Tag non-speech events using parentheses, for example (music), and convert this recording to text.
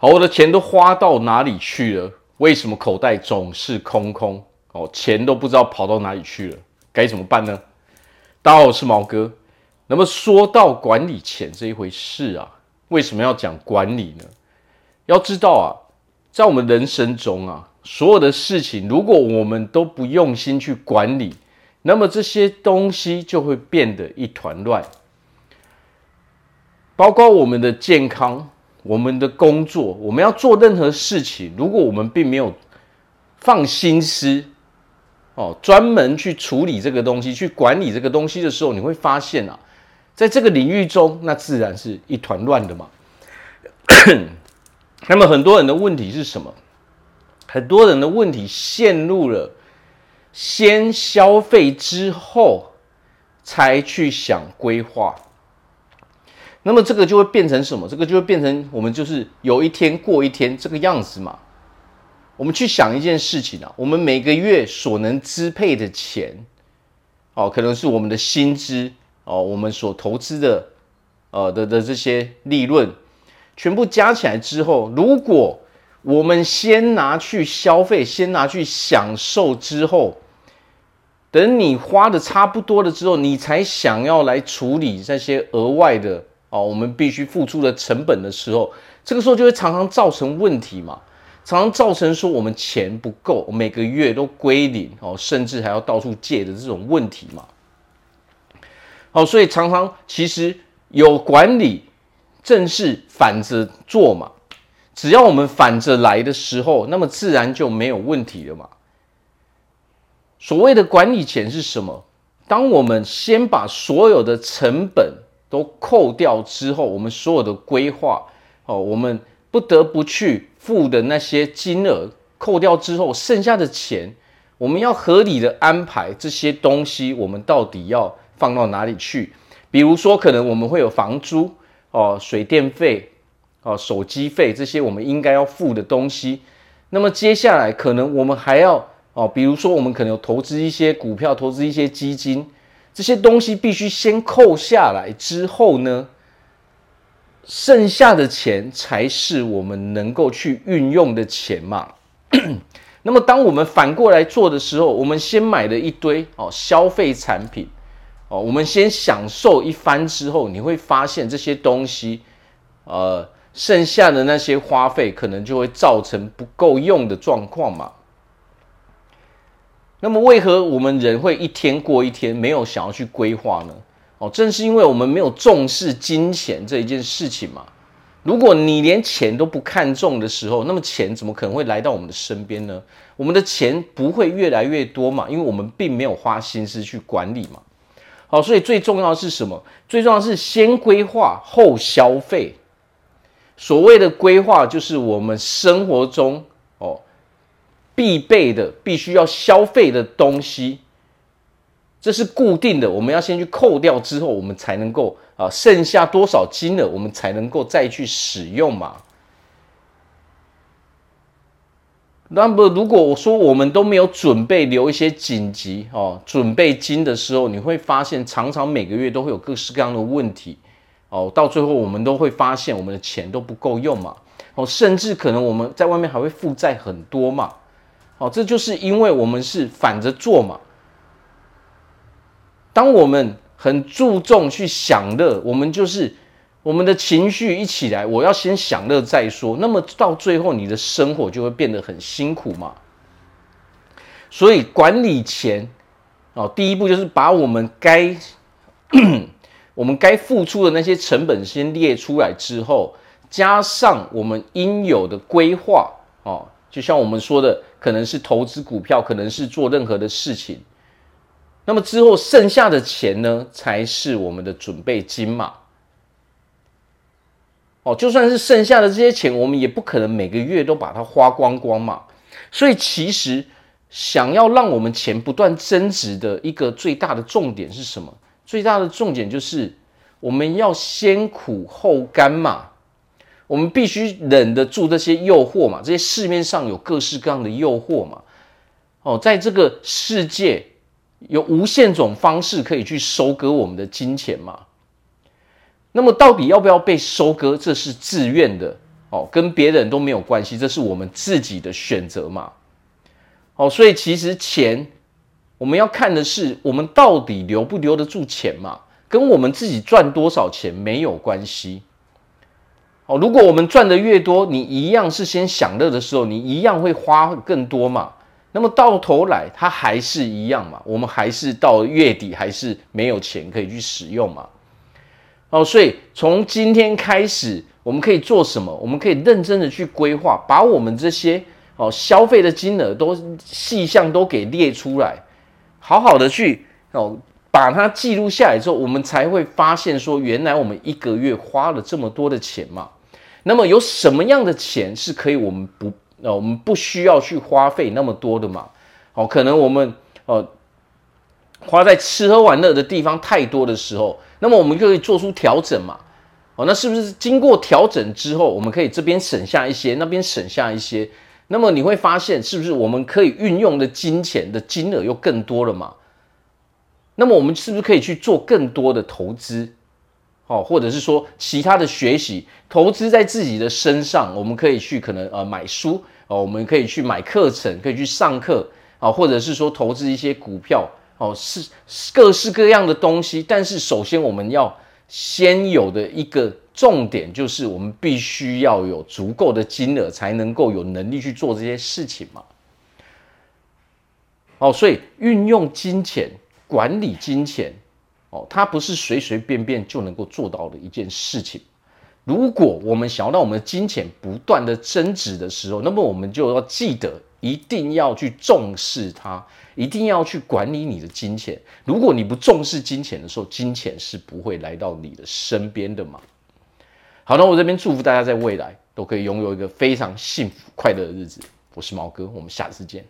好，我的錢都花到哪裡去了？為什麼口袋總是空空？哦，錢都不知道跑到哪裡去了？該怎麼辦呢？大家好，我是毛哥。那麼說到管理錢這一回事啊，為什麼要講管理呢？要知道啊，在我們人生中啊，所有的事情，如果我們都不用心去管理，那麼這些東西就會變得一團亂，包括我們的健康。我們的工作，我們要做任何事情，如果我們並沒有放心思，哦，專門去處理這個東西，去管理這個東西的時候，你會發現啊，在這個領域中，那自然是一團亂的嘛。 (coughs) 那麼很多人的問題是什麼？很多人的問題陷入了先消費之後才去想規劃。那麼這個就會變成什麼？這個就會變成我們就是有一天過一天這個樣子嘛。我們去想一件事情啊，我們每個月所能支配的錢，哦，可能是我們的薪資哦，我們所投資的，呃的的這些利潤，全部加起來之後，如果我們先拿去消費，先拿去享受之後，等你花的差不多了之後，你才想要來處理這些額外的。哦，我們必須付出的成本的時候，這個時候就會常常造成問題嘛，常常造成說我們錢不夠，每個月都歸零哦，甚至還要到處借的這種問題嘛。好，哦，所以常常其實有管理，正是反着做嘛，只要我們反着來的時候，那麼自然就沒有問題了嘛。所謂的管理錢是什麼？當我們先把所有的成本。都扣掉之後，我們所有的規劃哦，我們不得不去付的那些金額扣掉之後，剩下的錢，我們要合理的安排這些東西，我們到底要放到哪裡去？比如說，可能我們會有房租哦、水電費哦、手機費這些，我們應該要付的東西。那麼接下來，可能我們還要哦，比如說，我們可能有投資一些股票、投資一些基金。這些東西必須先扣下來之後呢，剩下的錢才是我們能夠去運用的錢嘛。那麼，當我們反過來做的時候，我們先買了一堆哦消費產品哦，我們先享受一番之後，你會發現這些東西，呃，剩下的那些花費可能就會造成不夠用的狀況嘛。那麼為何我們人會一天過一天，沒有想要去規劃呢？哦，正是因為我們沒有重視金錢這一件事情嘛。如果你連錢都不看重的時候，那麼錢怎麼可能會來到我們的身邊呢？我們的錢不會越來越多嘛，因為我們並沒有花心思去管理嘛。好、哦，所以最重要的是什麼？最重要的是先規劃後消費。所謂的規劃，就是我們生活中，必備的必須要消費的東西，這是固定的。我們要先去扣掉之後，我們才能夠啊，剩下多少金額，我們才能夠再去使用嘛。那麼，如果我說我們都沒有準備留一些緊急哦準備金的時候，你會發現常常每個月都會有各式各樣的問題哦。到最後，我們都會發現我們的錢都不夠用嘛。哦，甚至可能我們在外面還會負債很多嘛。哦，這就是因為我們是反着做嘛。當我們很注重去享樂，我們就是我們的情緒一起來，我要先享樂再說。那麼到最後，你的生活就會變得很辛苦嘛。所以管理錢，哦，第一步就是把我們該我們該付出的那些成本先列出來之後，加上我們應有的規劃，哦，就像我們說的。可能是投資股票，可能是做任何的事情，那麼之後剩下的錢呢，才是我們的準備金嘛。哦，就算是剩下的這些錢，我們也不可能每個月都把它花光光嘛。所以其實想要讓我們錢不斷增值的一個最大的重點是什麼？最大的重點就是我們要先苦後甘嘛。我們必須忍得住這些誘惑嘛？這些市面上有各式各樣的誘惑嘛？哦，在這個世界有無限種方式可以去收割我們的金錢嘛？那麼到底要不要被收割？這是自願的哦，跟別人都沒有關係，這是我們自己的選擇嘛？哦，所以其實錢我們要看的是我們到底留不留得住錢嘛？跟我們自己賺多少錢沒有關係。哦，如果我們賺的越多，你一樣是先享樂的時候，你一樣會花更多嘛？那麼到頭來，它還是一樣嘛？我們還是到月底還是沒有錢可以去使用嘛？哦，所以從今天開始，我們可以做什麼？我們可以認真的去規劃，把我們這些哦消費的金額都細項都給列出來，好好的去哦把它記錄下來之後，我們才會發現說，原來我們一個月花了這麼多的錢嘛。那麼有什麼樣的錢是可以我們不，呃，我們不需要去花費那麼多的嘛？哦，可能我們呃花在吃喝玩樂的地方太多的時候，那麼我們就可以做出調整嘛？哦，那是不是經過調整之後，我們可以這邊省下一些，那邊省下一些？那麼你會發現，是不是我們可以運用的金錢的金額又更多了嘛？那麼我們是不是可以去做更多的投資？哦，或者是說其他的學習投資在自己的身上，我們可以去可能呃買書哦、呃，我們可以去買課程，可以去上課啊、呃，或者是說投資一些股票哦、呃，是各式各樣的東西。但是首先我們要先有的一個重點，就是我們必須要有足夠的金額，才能夠有能力去做這些事情嘛。哦、呃，所以運用金錢管理金錢。哦，它不是隨隨便便就能夠做到的一件事情。如果我們想要讓我們的金錢不斷的增值的時候，那麼我們就要記得一定要去重視它，一定要去管理你的金錢。如果你不重視金錢的時候，金錢是不會來到你的身邊的嘛。好了，我這邊祝福大家在未來都可以擁有一個非常幸福快樂的日子。我是毛哥，我們下次見。